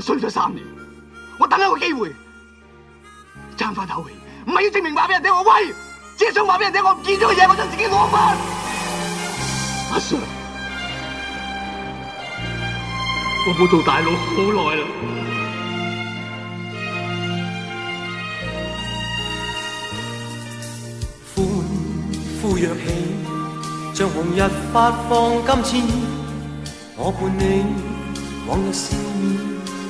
我等咗三年，我等一個機會，爭翻頭氣，唔係要證明話俾人聽，我威，只係想話俾人聽，我唔見咗嘅嘢，我想自己攞返。阿、啊、Sir，我冇做大佬好耐啦。歡歡若喜，像紅日發放金錢，我伴你往日